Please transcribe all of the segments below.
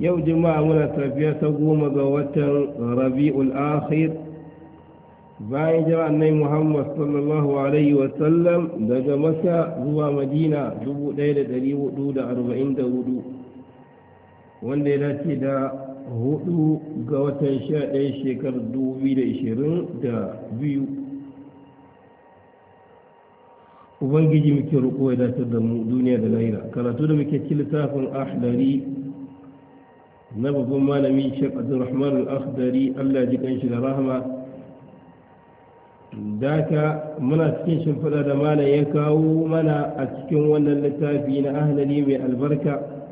yau jima'a muna tafiya ta goma ga watan rabi'ul akhir bayan jira nai muhammad sallallahu alaihi wasallam daga masa zuwa madina 1444 wanda ya dace da hudu ga watan sha ɗaya shekarar 2022 ubangiji muke roƙo ya dace da mu duniya da laira karatu da muke ci littafin ahdari na babban malami shek abdulrahman al-akhdari allah ji kanshi da rahama daka muna cikin shimfiɗa da malam ya kawo mana a cikin wannan littafi na ahlali mai albarka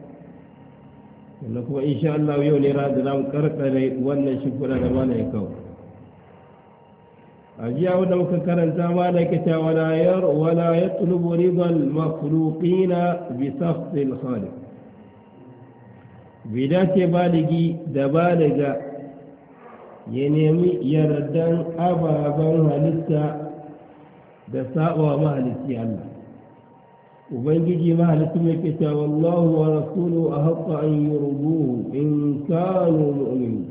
sannan kuma insha Allah yau ne ranar da za mu karkare wannan shimfiɗa da malam ya kawo a jiya wanda muka karanta malam ya ta wala ya tulubu ribar makhluqina bi safsil khaliq bai dace baligi da baliga ya nemi yardan ababen halitta da sabawa mahalitti Allah ubangiji mahalicci mai ke wallahu wa rasulu a haƙƙa an yi rubu in kano mu'mini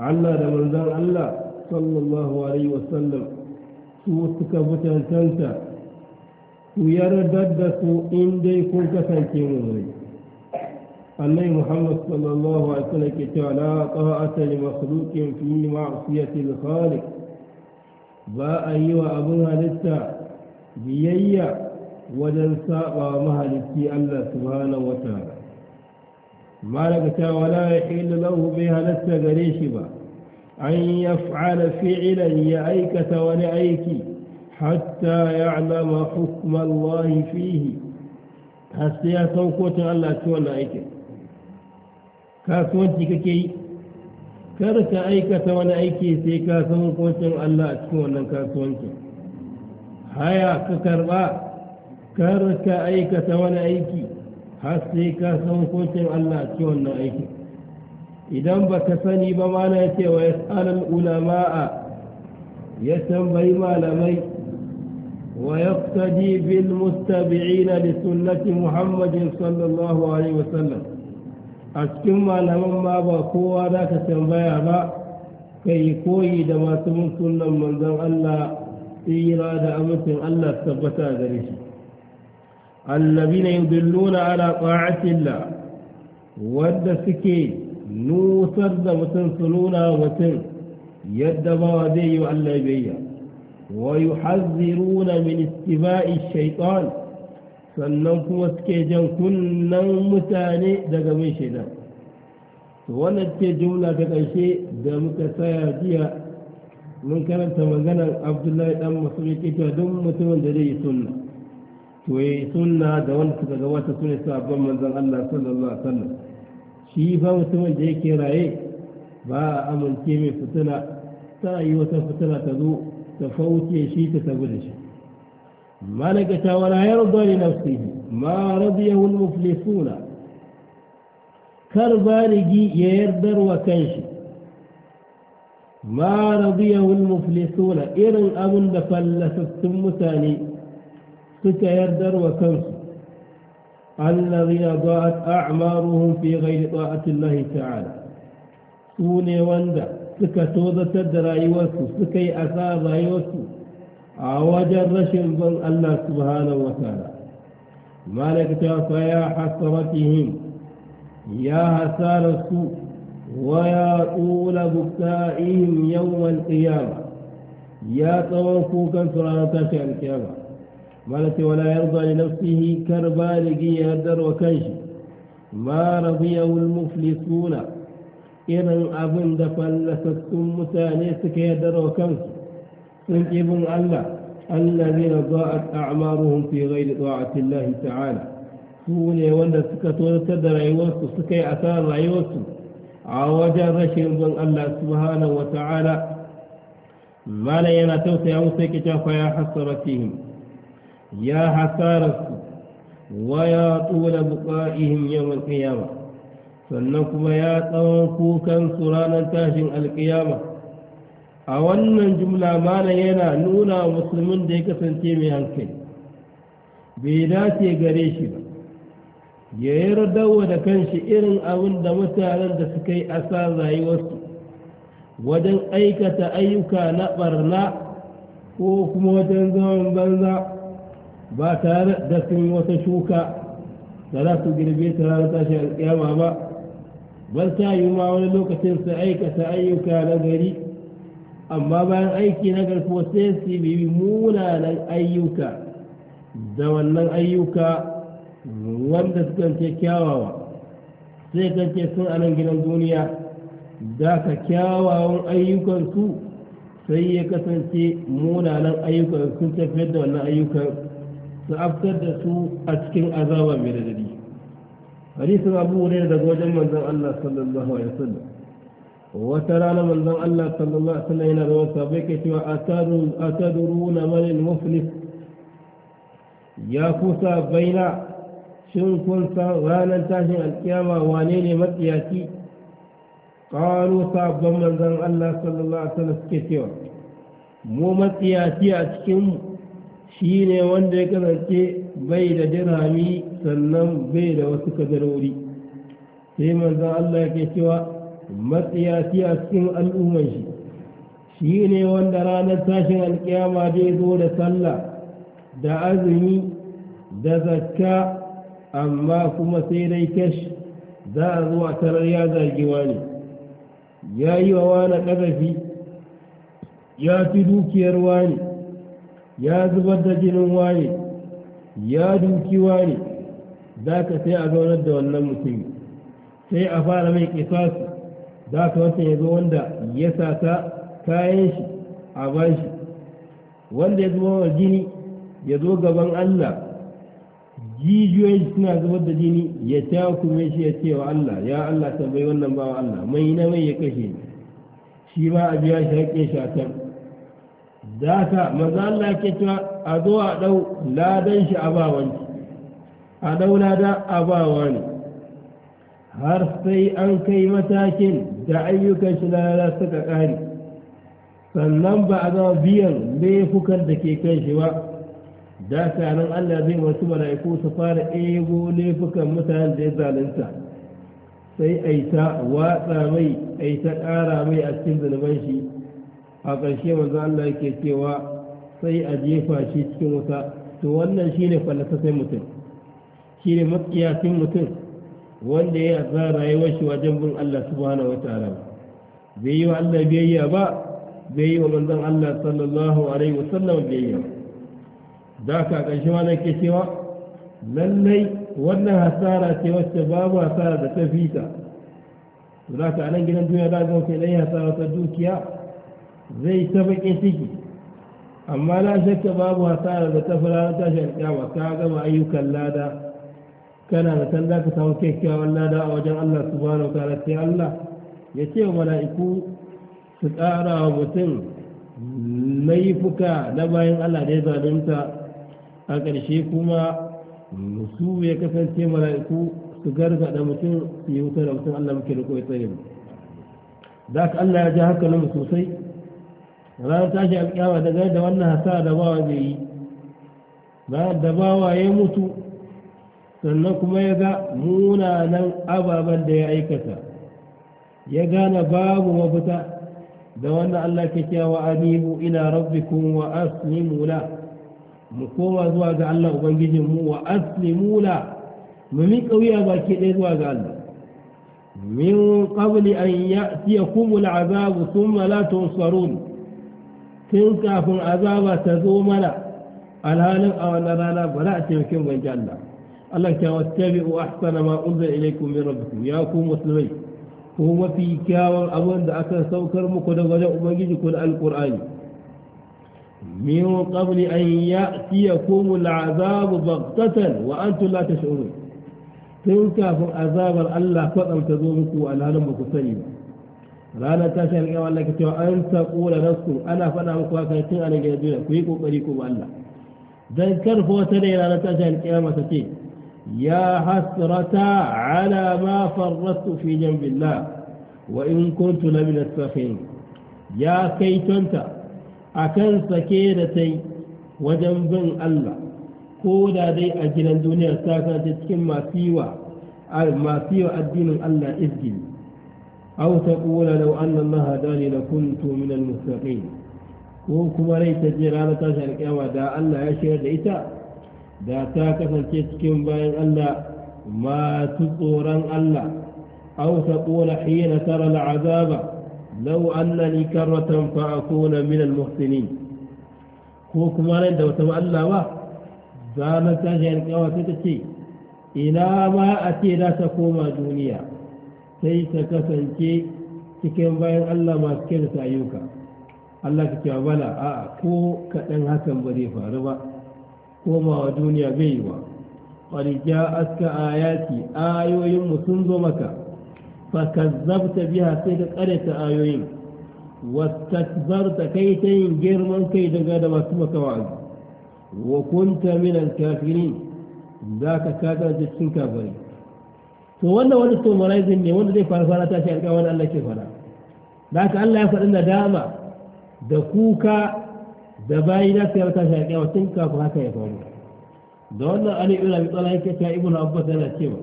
Allah da manzan Allah sallallahu alaihi wasallam su suka mutantanta ku yardar da su in dai kun kasance mu'mini النبي محمد صلى الله عليه وسلم كتالا طاعة لمخلوق في معصية الخالق با أيوة أبوها لسا بيئيا وجل قامها مهلسي الله سبحانه وتعالى ما لك ولا يحل له بها لسا قريشبا أن يفعل فعلا يأيك ولأيك حتى يعلم حكم الله فيه حتى يتوقف الله سبحانه وتعالى kasuwanci kake yi kada ka aikata wani aiki sai ka san hukuncin Allah a cikin wannan kasuwancin haya ka karba kada ka aikata wani aiki har sai ka san hukuncin Allah a cikin wannan aiki idan ba ka sani ba ma na yace wa yas'alul ulama'a ya tambayi malamai wa yaqtadi ويقتدي بالمتبعين لسنة محمد صلى الله عليه وسلم a cikin malaman ma ba kowa za ka tambaya ba kai koyi da masu mun sunan manzon Allah tsira da amincin Allah tabbata gare shi annabi ne yudulluna ala ta'atillah wanda suke nusar da mutum su nuna mutum yadda ba zai yi wa Allah biyayya wa yuhazziruna min istiba'i shaytan sannan kuma suke jan kunnan mutane daga mai shaidan wannan ce jumla ta ƙarshe da muka tsaya jiya mun karanta maganar abdullahi dan masu rikita don mutumin da zai yi sunna to yi sunna da wanda suka gabata su ne sabon manzan allah sallallahu alaihi wasallam shi fa mutumin da yake raye ba a amince mai fitina ta yi wata fitina ta zo ta fauce shi ta tabi da shi ملكت ولا يرضى لنفسه ما رضيه المفلسون كربارجي يردر وكنشي ما رضيه المفلسون إرن أبن ثاني مثاني يردر وكنشي الذين ضاعت أعمارهم في غير طاعة الله تعالى سوني واندا سكتوضة يوسو سكي أثار يوسو أوجر شرب الله سبحانه وتعالى مالك تعطى يا حسرتهم يا حسار السوء ويا طول بكائهم يوم القيامة يا توفوكا سرعان تاشع القيامة مالك ولا يرضى لنفسه كربالقي يهدر وكنشي ما رضيه المفلسون إذا أبن دفل لسستم مسانيسك يهدر وكنشي تنجبون ألا الذين ضاءت أعمارهم في غير طاعة الله تعالى سوني وانا سكت ونسد رأيوسو سكي أثار رأيوسو عواجا رشي من الله سبحانه وتعالى ما لا ينتوس يا حسرة فيهم يا حسارة ويا طول بقائهم يوم القيامة sannan يا ya tsawon سرانا su القيامة a wannan jumla mana yana nuna musulmin da ya kasance mai hankali bai dace gare shi ba ya yarda wa da kanshi irin abin da mutanen da suka yi asa rayuwarsu wajen aikata ayyuka na barna ko kuma wajen zaman banza ba tare da sun wata shuka da za su girbe ta ranar tashi alƙiyama ba bar ta yi ma wani lokacin su aikata ayyuka na gari amma bayan aiki na kuma sai su yi munanan ayyuka da wannan ayyuka wanda kan ce kyawawa sai kan ce sun anan gidan duniya da ka kyawawan ayyukansu sai ya kasance munanan ayyukan sun tafiyar da wannan ayyukan su aftar da su a cikin azaba mai radadi hadisun abu ne daga wajen manzon allah sallallahu alaihi wasallam wata rana manzon Allah sallallahu alaihi wasallam yana da wasa bai kai cewa atadun atadruna man al-muflis ya kusa baina shin kun san ranar tashin alkiyama wane ne matsiyaci ƙaro sabon manzan Allah sallallahu alaihi sallam suke cewa mu matsiyaci a cikin shi ne wanda ya kasance bai da dirami sannan bai da wasu kadarori sai manzan Allah ya ce cewa matsiyasi a cikin al'ummar shi shi ne wanda ranar tashin alkiyama zai zo da sallah da azumi da zakka amma kuma sai dai kash za a zo a tarar ya zagewa ne ya yi wa wani ƙazafi ya fi dukiyar wani ya zubar da jinin wani ya duki wani za ka sai a zaunar da wannan mutum sai a fara mai ƙisasu da ka wata ya zo wanda ya sa sata kayan shi a bashi wanda ya zuba wa jini ya zo gaban Allah jijiyoyin suna zubar da jini ya ta kuma shi ya ce wa Allah ya Allah tambayi wannan ba wa Allah mai na mai ya kashe shi ba a biya shi haƙe shatan za ka maza Allah ke cewa a zo a ɗau ladan shi a ba wani a ɗau lada a ba wani har sai an kai matakin da ayyukan shi na suka ƙari sannan ba a zama biyan laifukan da ke kan shi ba da nan allah zai wasu mala'iku su fara ego laifukan mutanen da ya zalunta sai a yi ta watsa mai a yi ta ƙara mai a cikin zunuban shi a ƙarshe manzo allah yake cewa sai a jefa shi cikin wuta to wannan shine sai mutum shine matsiyacin mutum wanda ya tsara ya shi wajen bin Allah subhanahu wataala bai yi wa Allah biyayya ba bai yi wa manzon Allah sallallahu alaihi wasallam biyayya da ka ƙarshe ma nake cewa lallai wannan hasara ce wacce babu hasara da ta fita za ka anan gidan duniya da ga kai dai hasara ta dukiya zai ta bakin ciki amma na shakka babu hasara da ta fara ta tashi alƙiyama ka gama ayyukan lada kana da kan za ka samu kyakkyawan lada a wajen Allah subhanahu wa ta'ala sai Allah ya ce wa mala'iku su tsara wa mutum laifuka na bayan Allah da ya zalunta a ƙarshe kuma su ya kasance mala'iku su gargaɗa mutum su yi wuta da mutum Allah muke da kawai tsaye za ka Allah ya ji hankalin sosai ranar tashi alƙiyama daga da wannan hasa da bawa zai yi bayan da bawa ya mutu sannan kuma ya ga munanan ababen da ya aikata ya gane babu mafita da wanda Allah ke cewa anibu ila rabbikum wa aslimu la mu koma zuwa ga Allah ubangijin mu wa aslimu la mu mi wuya baki ɗaya zuwa ga Allah min qabli an ya'tiyakum al'azab thumma la tunsarun tun kafin azaba ta zo mana alhalin a wannan rana ba za a taimake mu Allah الله كا واتبعوا أحسن ما أنزل إليكم من ربكم يا قوم مسلمين هو في كاو أبون دعك سوكر مكود غجاء مجيج كل القرآن من قبل أن يأتيكم العذاب بغتة وأنتم لا تشعرون تلك عذاب الله فقم تدومكم أن هلم بكثنين رانا تشعر كما لك أن تقول نفسكم أنا فأنا مكواكتين أنا جيدون كيكو قريكم الله ذكر فوتني رانا تشعر كما تشعر يا حسرة على ما فرطت في جنب الله وإن كنت لمن الساخرين يا كيتنت أكن سكيرتي وجنب الله كودا دي أجل الدنيا ساكنة تكن ما سيوى ما سيوى الدين الله إذن أو تقول لو أن الله داني لكنت من المستقيم وكما ليس جرالة تشعر القيامة دا الله يشير لإتاء da ta kasance cikin bayan Allah masu tsoron Allah aw taqula hina tara al'azaba law annani karratan fa akuna min al-muhsinin ko kuma nan da wata Allah ba za na tashi alƙawa sai ta ce ina ma a ce za ta koma duniya sai ta kasance cikin bayan Allah masu kyau da ayyuka Allah ka ce bala a ko kaɗan hakan ba zai faru ba komawa duniya bai yi wa ƙwarja aska ayati ayoyinmu sun zo maka fakazzabta biya sai ka ƙareta ayoyin wastakbarta kai ta yin girman kai daga da masu maka wa'azi wa kunta minan kafirin za ka kaga da cikin kafari. to wannan wani summarizing ne wanda zai fara fara shi alƙawarin Allah ke fara da haka Allah ya faɗi nadama da kuka da bayi da su ta wata wa tun kafin haka ya faru da wannan ali ibn abi talib yake cewa ibn abbas yana cewa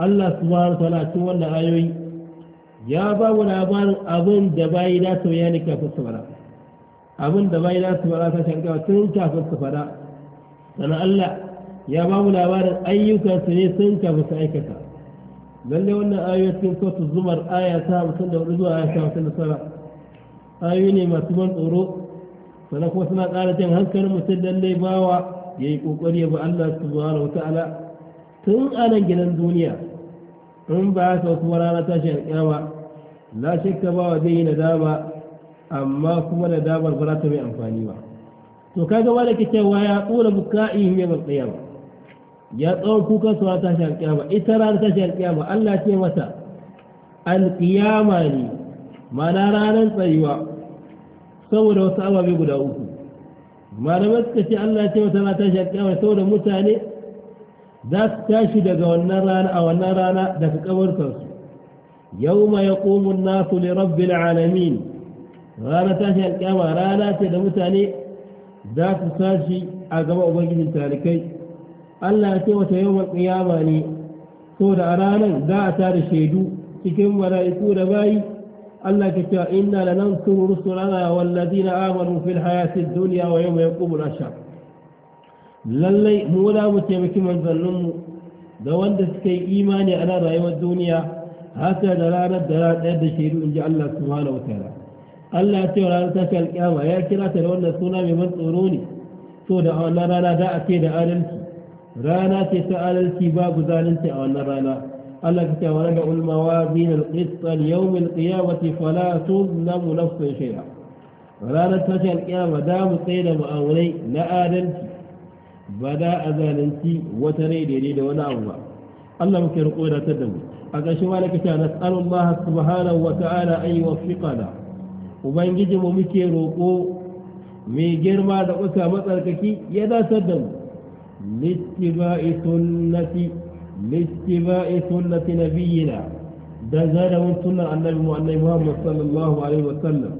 Allah subhanahu wa ta'ala cikin wannan ayoyi ya ba mu labarin abin da bayi da su ya ne kafin su fara abin da bayi da su fara ta shaƙiya tun kafin su fara sannan Allah ya ba mu labarin ayyukansu ne sun kafin su aikata lalle wannan ayoyin kotu zumar aya ta hamsin da hudu zuwa aya ta hamsin da ayoyi ne masu ban tsoro sannan kuma suna ƙara jan hankalin mutum lallai bawa ya yi ƙoƙari ba Allah subhanahu wa ta'ala tun anan gidan duniya in ba ta wasu rana tashi alƙiyama la shakka bawa zai yi nadama amma kuma nadamar ba za ta mai amfani ba to kaga wanda ke cewa ya tsora buka'i mai alƙiyama ya tsawon kukan su ta tashi alƙiyama ita rana tashi alƙiyama Allah ce mata alƙiyama ne mana ranar tsayuwa saboda wasu ababe guda uku malamai suka ce Allah ce wata na tashi a saboda mutane za su tashi daga wannan rana a wannan rana daga kabarkansu yau ma ya ƙomun nasu Rabbi rabbin alamin rana tashi a kiyama rana ce da mutane za su tashi a gaba ubangijin talikai Allah ya ce wata yau kiyama ne saboda a ranar za a tara shaidu cikin mara'iku da bayi الله كتير إنا لننصر رسلنا والذين آمنوا في الحياة الدنيا ويوم يقوم الأشهر للي مولا متيبك من ظلم دوان دسكي إيماني على رأيو الدنيا حتى دلالة دلالة الشهر إن جاء الله سبحانه وتعالى الله تعالى تلك الكامة يا كرة لأن سنة من تروني سودا أنا رانا دا أكيد أرنتي رانا تسأل الكباب ذالنتي أنا رانا التي ولجأوا الموازين القسط ليوم القيامة فلا تظلم نفس شيئا ولا نتفشى القيامة دام قيد مؤوني لا آذنتي بدا أذاننتي وتري ليريد ولا أولا الله مكي رقونا تدم أقشوا لك نسأل الله سبحانه وتعالى أن يوفقنا وبين جدم مكي رقو من غير ما دعوسها مطلقك يدا تدم لاتباع سنتي لاتباع سنة نبينا دزانا سنة النبي محمد صلى الله عليه وسلم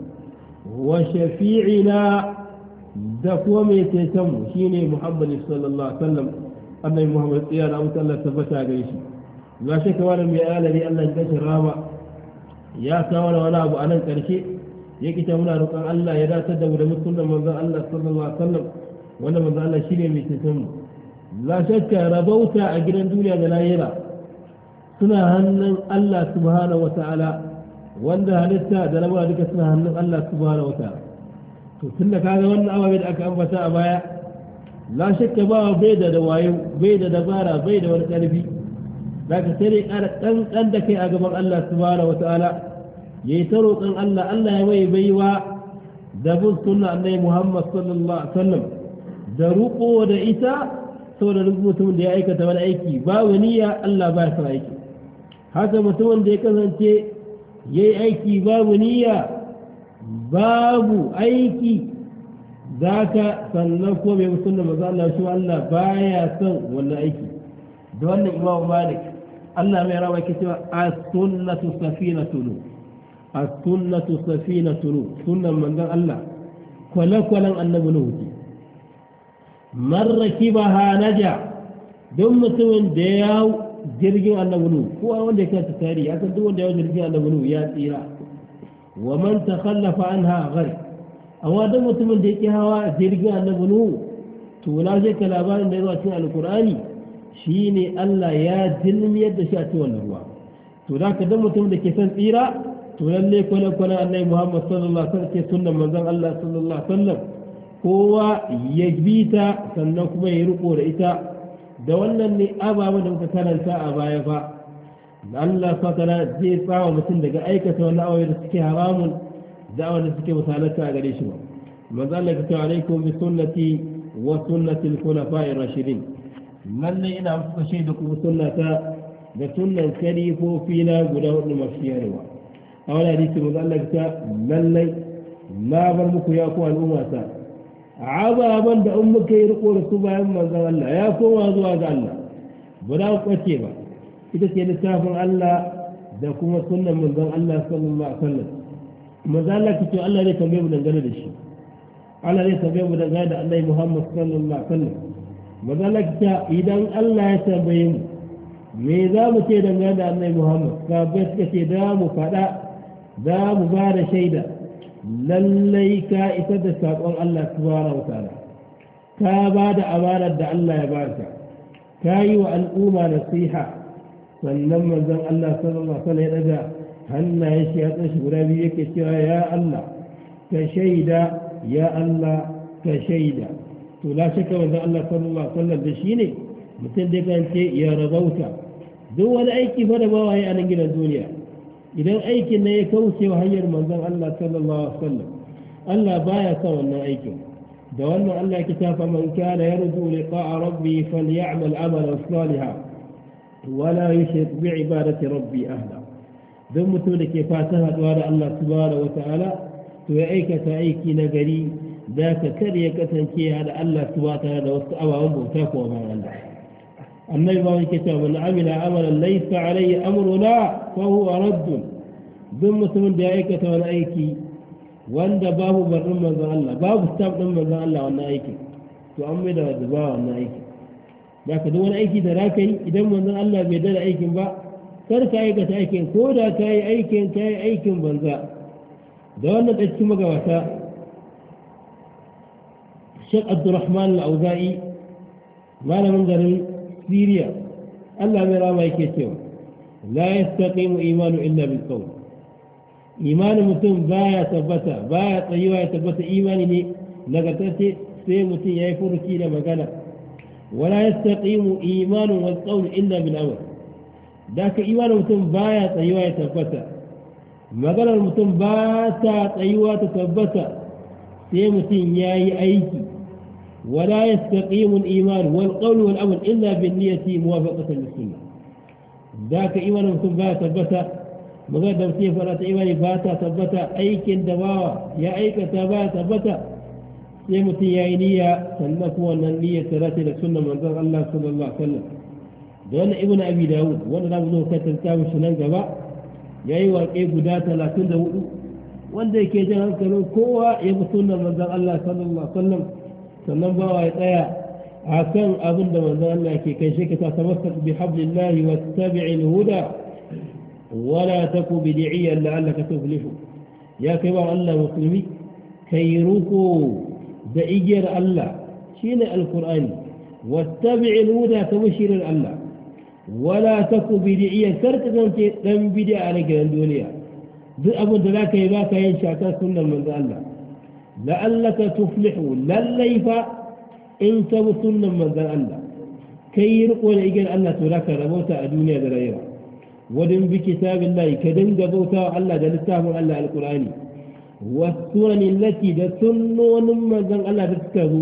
وشفيعنا دكوة ميتتم شيني محمد صلى الله عليه وسلم أن محمد صلى الله عليه وسلم لا شك ميال لي أن جدش الرابع يا سوال ولا أبو أنا كرشي يكتا منا رقع الله يدا من سنة من ذا الله صلى الله عليه وسلم وانا من ذا الله شيني ميتتم la shakka rabauta a gidan duniya da lahira suna hannun Allah subhanahu wata'ala wanda halitta da rabuwa duka suna hannun Allah subhanahu wata'ala to tun da kaga wannan ababe da aka ambata a baya la shakka ba bai da da wayo bai da dabara bai da wani karfi zaka sai dai ƙara ƙanƙan da kai a gaban Allah subhanahu wata'ala yayi ta roƙon Allah Allah ya mai baiwa da bin sunna annabi Muhammad sallallahu alaihi wasallam da ruko da ita saboda duk mutumin da ya aikata wani aiki babu niyya Allah ba son aiki haka mutumin da ya kasance ya yi aiki babu niyya babu aiki za ka sannan ko mai musulun maza Allah shi Allah baya son wannan aiki da wannan imamu malik Allah mai rawa ke cewa a sunnatu safinatun as-sunnatu safinatun sunnan manzon Allah kwale-kwalen annabi Nuhu marraki ba hanaja don mutumin da ya hau jirgin annabulu kowa wanda ya kanta tari ya san duk wanda ya jirgin annabulu ya tsira wa man ta kallafa an ha gari amma don mutumin da ya ke hawa jirgin annabulu to na zai ka labarin da ya zuwa cikin alkur'ani shi ne allah ya jirmiyar da shi a cikin wannan ruwa to da ka don mutumin da ke son tsira to lallai kwanan kwanan annai muhammad sallallahu alaihi wasallam ke sunan manzon allah sallallahu alaihi wasallam kowa ya bi ta sannan kuma ya riko da ita da wannan ne ababen da muka karanta a baya ba Allah fatala zai tsawa mutum daga aikata wani awaye da suke haramun da wanda da suke misalarta a gare shi ba manzo Allah ya tawa alaikum bi sunnati wa sunnati al-khulafa'ir rashidin lalle ina muku da kuma sunnata da sunnan kalifofi na guda hudu masu yarewa a wani hadisi manzo Allah ya ta na bar muku ya ku al'ummata azaban da in muka yi riko da su bayan manzon Allah ya koma zuwa ga Allah ba za ku kwace ba ita ce littafin Allah da kuma sunnan manzon Allah sallallahu alaihi wasallam manzon Allah kace Allah ne tambaye mu dangane da shi Allah ne tambaye mu dangane da Annabi Muhammad sallallahu alaihi wasallam manzon Allah kace idan Allah ya tambaye mu me za mu ce dangane da Annabi Muhammad Ka sabai suka ce da mu fada za mu ba da shaida lallai ka isa da saƙon Allah subhanahu wa ta'ala ka ba da amanar da Allah ya ba ka ka yi wa al'umma nasiha sannan manzon Allah sallallahu alaihi wasallam ya daga hannaye shi ya tsashi guda biyu yake cewa ya Allah ka shaida ya Allah ka shaida to la shakka manzon Allah sallallahu alaihi wasallam da shi ne mutum da kan ce ya rabauta duk wani aiki fa da bawaye a nan gidan duniya idan aikin na ya kauce wa hanyar manzon Allah sallallahu alaihi wasallam Allah baya sa wannan aikin da wannan Allah ke tafa man kana yarju liqa'a rabbi falyamal amalan salihan wala yushrik bi ibadati rabbi ahla dan mutum da ke fatan haduwa da Allah subhanahu wataala to ya aikata aiki na gari da ka kar ya kasance ya da Allah subhanahu wataala da wasu abawan bauta ko bayan Allah أما يبغى الكتاب من عمل عملا ليس عليه أمرنا فهو رد ذمة من دائكة وأنا أيكي وأن باب برمى زال الله باب استاب رمى زال الله وأنا أيكي تؤمد وأدباء وأنا أيكي لكن دو أنا أيكي تراكي إذا من زال الله بيدل أيكي با ترك أيكة أيكي كودا كاي أيكي كاي أيكي بنزا دو أنا تأتي وتا شيخ عبد الرحمن الأوزائي ما لم نزل siriya allah mai rama yake cewa la yastaqimu imanu illa bil qawl imanin mutum baya tabbata baya tsayuwa ya tabbata imani ne tace sai mutum ya yi furuci da magana wala yastaqimu imanu wal qawl illa bil amr da ka imanin mutum baya tsayuwa ya tabbata maganar mutum ba ta tsayuwa ta tabbata sai mutum ya yi aiki ولا يستقيم الإيمان والقول والأمر إلا بالنية موافقة للسنة ذاك إيمان مكتوب بها ثبت مغير نفسية فلا إيمان باتا ثبت أيك دواوة يا أيك تابا ثبت سيمتي يا إنية سلمت أن النية ثلاثة للسنة من الله صلى الله عليه وسلم دون ابن أبي داود وانا لا بزوه كتلتاوي شنان جبا أيها وقعي قداتا لكن داود وانا كي جهان كنون كوا يبصونا من الله صلى الله عليه وسلم sannan bawa ya tsaya a kan abin da manzan Allah ke kai shi ka ta tamassak bi hablin lahi wa tabi'in huda wala ta ku bi taku bid'iyan la'allaka tuflihu ya kai ba Allah musulmi ka yi ruko da igiyar Allah shi ne alkur'ani wa tabi'in huda ta mushirin Allah wala ta ku bi bid'iyan karka zance dan bid'a a gidan duniya duk abin da za ka yi ba ka yin shakar sunan manzan Allah لعلك تفلح لليفا إن تبصن من ذا الله كي يرقوا لإجل الله تراك رموتا الدنيا ذرائيرا ودن بكتاب الله كدن جبوتا الله جلتاه الله القرآن والسنن التي تسن من ذا الله تسكه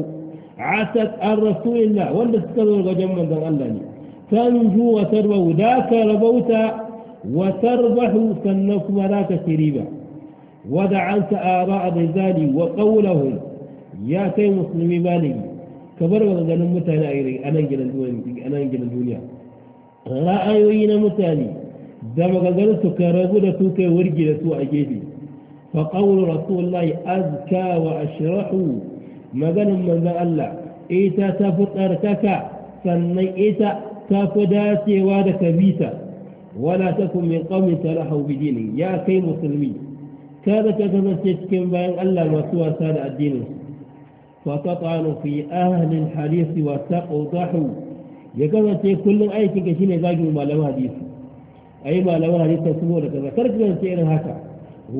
عتت الرسول الله والسكه الغجم من ذا الله تنجو وتربو ذاك ربوتا وتربح سنكم راك تريبا ودعلت آراء الرجال وقولهم يا كي مسلمي مالي كبر وغنم متانا أيري أنا إنجل الدنيا أنا إنجل الدنيا رأيوين متاني دم غنم كربو لتو كي ورجي لتو أجيبي فقول رسول الله أذكى وأشرح مغنم من ذا الله إيتا ارتكا سني إيتا تفداتي وادك بيتا ولا تكن من قوم تلحوا بدينه يا كي مسلمين كابت يتمسك كم باين ألا الوسوى سال الدين فتطعنوا في أهل الحديث وتقضحوا يقول أنت كل أي شيء كشين يزاجوا ما لو حديث أي ما لو حديث سمو لك ذكرت من سئر هكا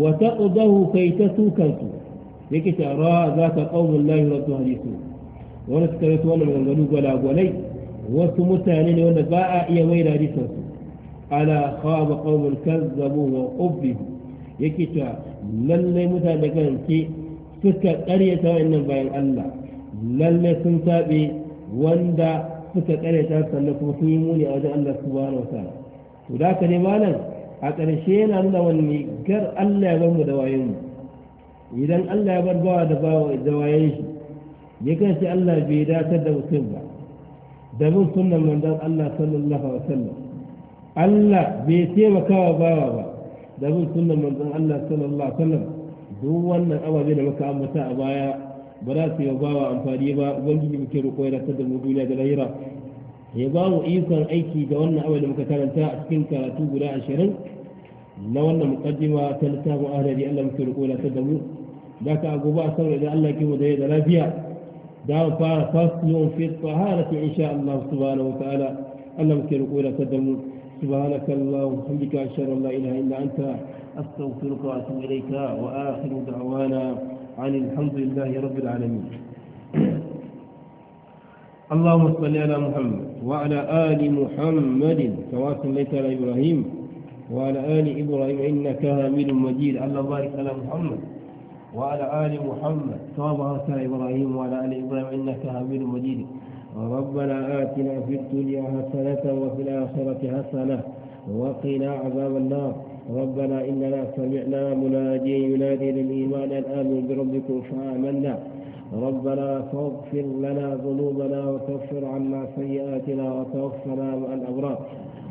وتقضحوا فيتسوا كنتوا يكت أرى ذات قوم الله ربط حديثه ونسك يتولى من الغلوب ولا أبولي وسمتها لين ونباء يا ويل حديثه على خاب قوم كذبوا وقبلوا يكت lalle mutane kan kasance suka karyata wa'annan bayan Allah lalle sun sabe wanda suka karyata sannan kuma sun yi muni a wajen Allah subhanahu wa ta'ala to da ka ne malam a ƙarshe yana nuna wani gar Allah ya bar mu da wayen mu idan Allah ya bar bawa da bawa da wayen shi ya kan shi Allah bai datar da mutum ba da bin sunnan manzon Allah sallallahu alaihi wasallam Allah bai taimaka wa bawa ba da bin sunnan manzon Allah sallallahu alaihi wasallam duk wannan ababe da muka ambata a baya ba za su yi bawa amfani ba ubangiji muke roƙo ya da mu duniya da lahira ya ba mu ikon aiki da wannan abu da muka karanta a cikin karatu guda ashirin na wannan mukaddima ta littafin ahrari Allah muke roƙo ya da mu da ka gobe a saboda idan Allah ke mu da da lafiya da mu fara faslun fi taharati insha Allah subhanahu wa ta'ala Allah muke roƙo ya da mu سبحانك اللهم وبحمدك أشهد أن لا إله إلا أنت أستغفرك وأتوب إليك وآخر دعوانا عن الحمد لله رب العالمين اللهم صل على محمد وعلى آل محمد كما صليت على إبراهيم وعلى آل إبراهيم إنك حميد مجيد اللهم بارك على محمد وعلى آل محمد كما باركت على إبراهيم وعلى آل إبراهيم إنك حميد مجيد ربنا آتنا في الدنيا حسنة وفي الآخرة حسنة وقنا عذاب النار ربنا إننا سمعنا مناديا ينادي للإيمان أن بربكم فآمنا ربنا فاغفر لنا ذنوبنا وكفر عنا سيئاتنا وتوفنا مع الأبرار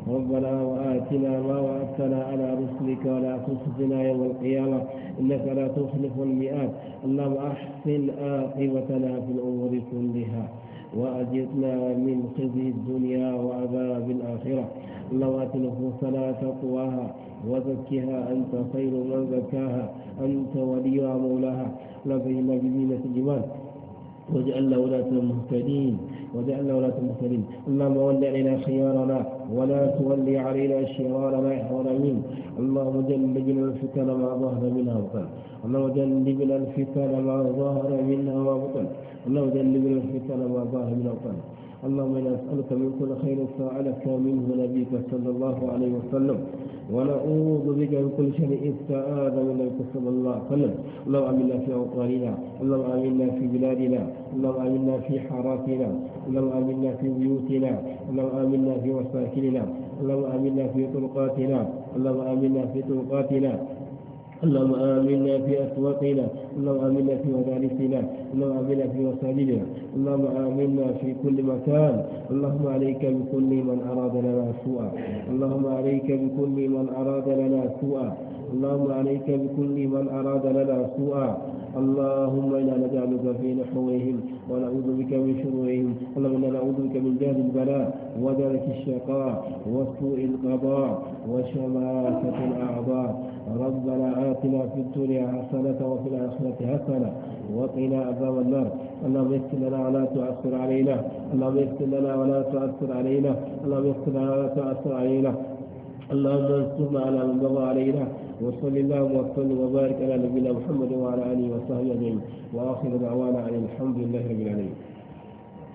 ربنا وآتنا ما وعدتنا على رسلك ولا تخزنا يوم القيامة إنك لا تخلف المئات اللهم أحسن آخرتنا في الأمور كلها وأجرنا من خزي الدنيا وعذاب الآخرة اللهم آت نفوسنا تقواها وزكها أنت خير من زكاها أنت وليها مولاها لبينا بزينة الإيمان واجعلنا ولاة المهتدين واجعلنا ولاة المهتدين اللهم ول علينا خيارنا ولا تولي علينا شرار ما يحضر منه اللهم جنبنا الفتن ما ظهر منها وبطن اللهم جنبنا الفتن ما ظهر منها وبطن اللهم جنبنا الفتن ما ظهر منها وبطن اللهم إنا نسألك من كل خير سألك منه نبيك صلى الله عليه وسلم ونعوذ بك من كل شر استعاذ من نبيك صلى الله عليه وسلم اللهم آمنا في أوطاننا اللهم آمنا في بلادنا اللهم آمنا في حاراتنا اللهم آمنا في بيوتنا اللهم آمنا في مساكننا اللهم آمنا في طرقاتنا اللهم آمنا في طرقاتنا اللهم آمنا في أسواقنا اللهم آمنا في مدارسنا اللهم آمنا في مساجدنا اللهم آمنا في كل مكان اللهم عليك بكل من أراد لنا سوءا اللهم عليك بكل من أراد لنا سوءا اللهم عليك بكل من أراد لنا سوءا اللهم إنا نجعلك في نحوهم ونعوذ بك من شرورهم اللهم إنا نعوذ بك من جهل البلاء ودرك الشقاء وسوء القضاء وشماتة الأعضاء ربنا آتنا في الدنيا حسنة وفي الآخرة الآخرة حسنة وقنا عذاب النار اللهم يسر لنا ولا تؤثر علينا اللهم يسر لنا ولا تؤثر علينا اللهم يسر لنا ولا تؤثر علينا اللهم انصرنا على من بغى علينا وصل اللهم وسلم وبارك على نبينا محمد وعلى اله وصحبه اجمعين واخر دعوانا ان الحمد لله رب العالمين